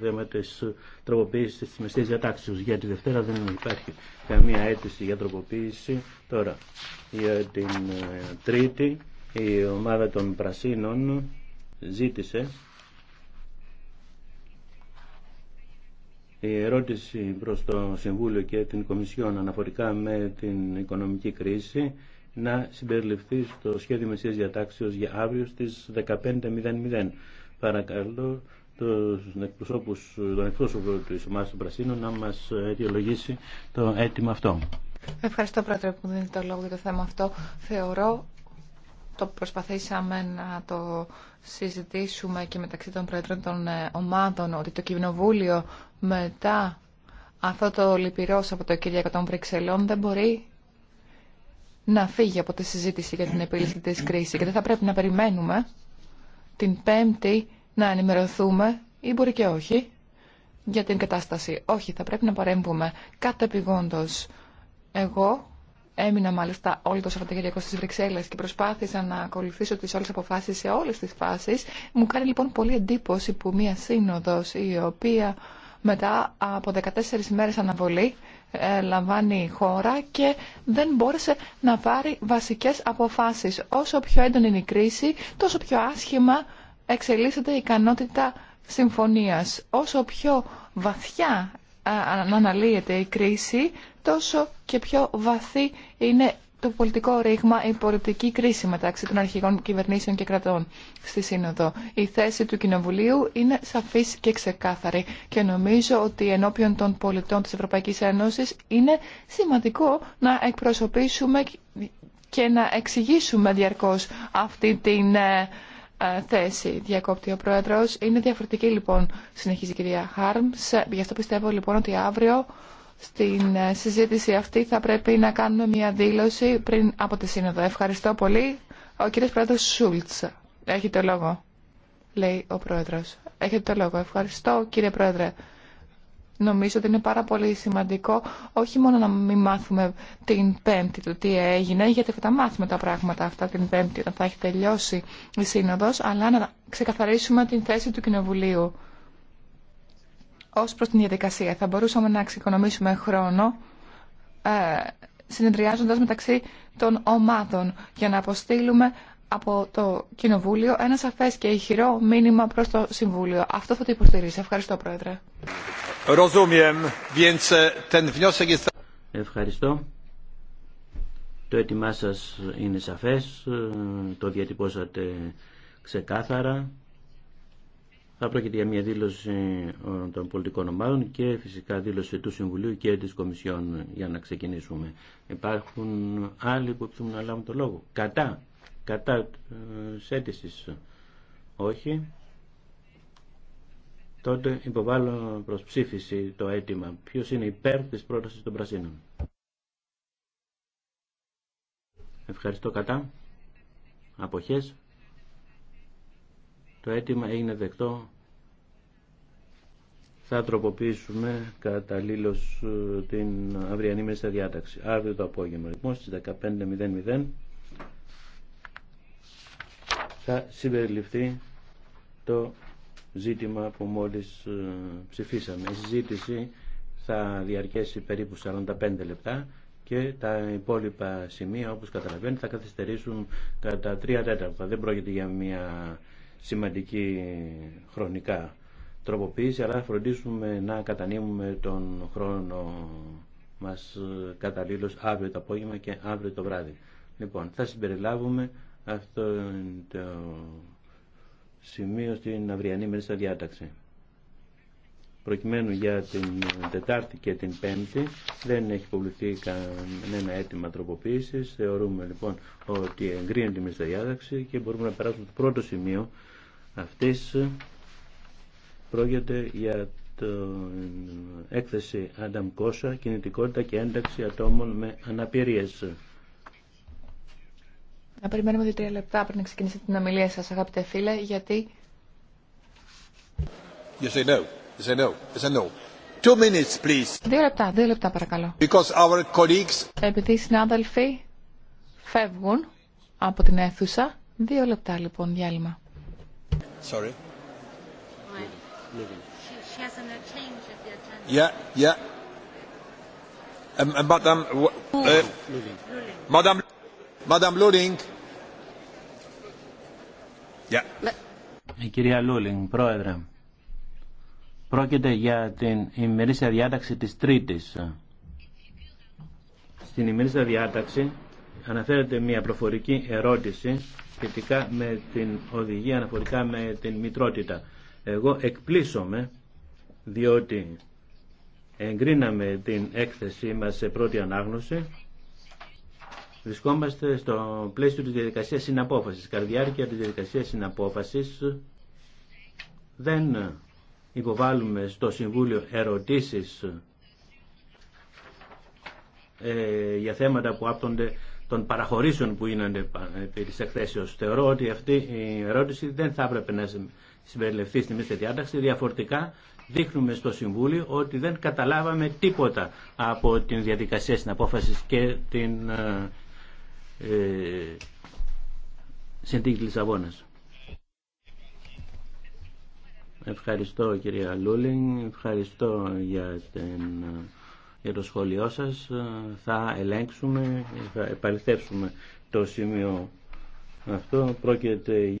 θέμα τη ε, τροποποίηση τη μεστή διατάξεω. Για τη Δευτέρα δεν υπάρχει καμία αίτηση για τροποποίηση. Τώρα, για την ε, Τρίτη, η ομάδα των Πρασίνων ζήτησε Η ερώτηση προς το Συμβούλιο και την Κομισιόν αναφορικά με την οικονομική κρίση να συμπεριληφθεί στο σχέδιο μεσίας διατάξεως για αύριο στις 15.00. Παρακαλώ τον εκπρόσωπο της ομάδα των Πρασίνων να μα αιτιολογήσει το αίτημα αυτό. Ευχαριστώ Πρόεδρε που δίνετε το λόγο για το θέμα αυτό. Θεωρώ το προσπαθήσαμε να το συζητήσουμε και μεταξύ των Πρόεδρων των ε, ομάδων ότι το Κοινοβούλιο μετά αυτό το λυπηρό από το Κυριακό των Βρυξελών δεν μπορεί να φύγει από τη συζήτηση για την επίλυση της κρίσης και δεν θα πρέπει να περιμένουμε την πέμπτη να ενημερωθούμε ή μπορεί και όχι για την κατάσταση. Όχι, θα πρέπει να παρέμβουμε κατεπηγόντως. Εγώ έμεινα μάλιστα όλο το Σαββατοκύριακο στις Βρυξέλλες και προσπάθησα να ακολουθήσω τις όλες τις αποφάσεις σε όλες τις φάσεις. Μου κάνει λοιπόν πολύ εντύπωση που μία σύνοδος η οποία μετά από 14 μέρες αναβολή ε, λαμβάνει η χώρα και δεν μπόρεσε να πάρει βασικές αποφάσεις. Όσο πιο έντονη είναι η κρίση, τόσο πιο άσχημα εξελίσσεται η ικανότητα συμφωνίας. Όσο πιο βαθιά ε, αναλύεται η κρίση, τόσο και πιο βαθύ είναι το πολιτικό ρήγμα, η πολιτική κρίση μεταξύ των αρχηγών κυβερνήσεων και κρατών στη Σύνοδο. Η θέση του Κοινοβουλίου είναι σαφής και ξεκάθαρη και νομίζω ότι ενώπιον των πολιτών της Ευρωπαϊκής Ένωσης είναι σημαντικό να εκπροσωπήσουμε και να εξηγήσουμε διαρκώς αυτή την ε, ε, θέση, διακόπτει ο Πρόεδρος. Είναι διαφορετική λοιπόν, συνεχίζει η κυρία Χάρμς. Ε, γι' αυτό πιστεύω λοιπόν ότι αύριο στην ε, συζήτηση αυτή θα πρέπει να κάνουμε μια δήλωση πριν από τη Σύνοδο. Ευχαριστώ πολύ. Ο κύριος Πρόεδρος Σούλτς. Έχετε το λόγο, λέει ο Πρόεδρος. Έχετε το λόγο. Ευχαριστώ κύριε Πρόεδρε. Νομίζω ότι είναι πάρα πολύ σημαντικό όχι μόνο να μην μάθουμε την Πέμπτη το τι έγινε, γιατί θα τα μάθουμε τα πράγματα αυτά την Πέμπτη όταν θα έχει τελειώσει η Σύνοδος, αλλά να ξεκαθαρίσουμε την θέση του Κοινοβουλίου ως προς την διαδικασία. Θα μπορούσαμε να εξοικονομήσουμε χρόνο ε, συνεδριάζοντας μεταξύ των ομάδων για να αποστείλουμε από το Κοινοβούλιο ένα σαφές και ηχηρό μήνυμα προς το Συμβούλιο. Αυτό θα το υποστηρίζει. Ευχαριστώ, Πρόεδρε. E, Ευχαριστώ. Το έτοιμά σα είναι σαφέ. Ε, το διατυπώσατε ξεκάθαρα. Θα πρόκειται για μια δήλωση ε, των πολιτικών ομάδων και φυσικά δήλωση του Συμβουλίου και τη Κομισιόν για να ξεκινήσουμε. Υπάρχουν άλλοι που επιθυμούν να λάβουν το λόγο. Κατά, κατά ε, τη αίτηση Όχι τότε υποβάλλω προς ψήφιση το αίτημα. Ποιο είναι υπέρ της πρότασης των πρασίνων. Ευχαριστώ κατά. Αποχές. Το αίτημα έγινε δεκτό. Θα τροποποιήσουμε καταλήλως ε, την αυριανή μέσα διάταξη. Αύριο το απόγευμα λοιπόν στις 15.00 θα συμπεριληφθεί το ζήτημα που μόλις ε, ψηφίσαμε. Η συζήτηση θα διαρκέσει περίπου 45 λεπτά και τα υπόλοιπα σημεία, όπως καταλαβαίνετε, θα καθυστερήσουν κατά τρία τέταρτα. Δεν πρόκειται για μια σημαντική χρονικά τροποποίηση, αλλά φροντίσουμε να κατανείμουμε τον χρόνο μας ε, καταλήλως αύριο το απόγευμα και αύριο το βράδυ. Λοιπόν, θα συμπεριλάβουμε αυτό το σημείο στην αυριανή μέσα διάταξη. Προκειμένου για την Τετάρτη και την Πέμπτη δεν έχει υποβληθεί κανένα αίτημα τροποποίηση. Θεωρούμε λοιπόν ότι εγκρίνεται η μέσα διάταξη και μπορούμε να περάσουμε το πρώτο σημείο αυτή. Πρόκειται για την έκθεση Άνταμ Κόσα, κινητικότητα και ένταξη ατόμων με αναπηρίες. Να περιμένουμε δύο-τρία λεπτά πριν να ξεκινήσετε την ομιλία σας, αγαπητέ φίλε, γιατί... You say no. You say no. You say no. Two minutes, please. Δύο λεπτά, δύο λεπτά παρακαλώ. Because our colleagues... Επειδή οι συνάδελφοι φεύγουν από την αίθουσα, δύο λεπτά λοιπόν διάλειμμα. Sorry. Yeah, yeah. Um, um, madam, uh, madam. Uh, η κυρία Λούλινγκ, πρόεδρε, πρόκειται για την ημερήσια διάταξη της Τρίτης. Στην ημερήσια διάταξη αναφέρεται μια προφορική ερώτηση σχετικά με την οδηγία αναφορικά με την μητρότητα. Εγώ εκπλήσωμαι διότι εγκρίναμε την έκθεσή μας σε πρώτη ανάγνωση Βρισκόμαστε στο πλαίσιο της διαδικασίας συναπόφασης. Καρδιάρκεια της διαδικασίας συναπόφασης δεν υποβάλλουμε στο Συμβούλιο ερωτήσεις ε, για θέματα που άπτονται των παραχωρήσεων που είναι επί της εκθέσεως. Θεωρώ ότι αυτή η ερώτηση δεν θα έπρεπε να συμπεριληφθεί στη μέση διάταξη. Διαφορετικά δείχνουμε στο Συμβούλιο ότι δεν καταλάβαμε τίποτα από την διαδικασία συναπόφασης και την ε, ε, συνθήκη Λισαβόνα. Ευχαριστώ κυρία Λούλινγκ, ευχαριστώ για, την, για το σχόλιο σας. Θα ελέγξουμε, θα επαληθεύσουμε το σημείο αυτό. Πρόκειται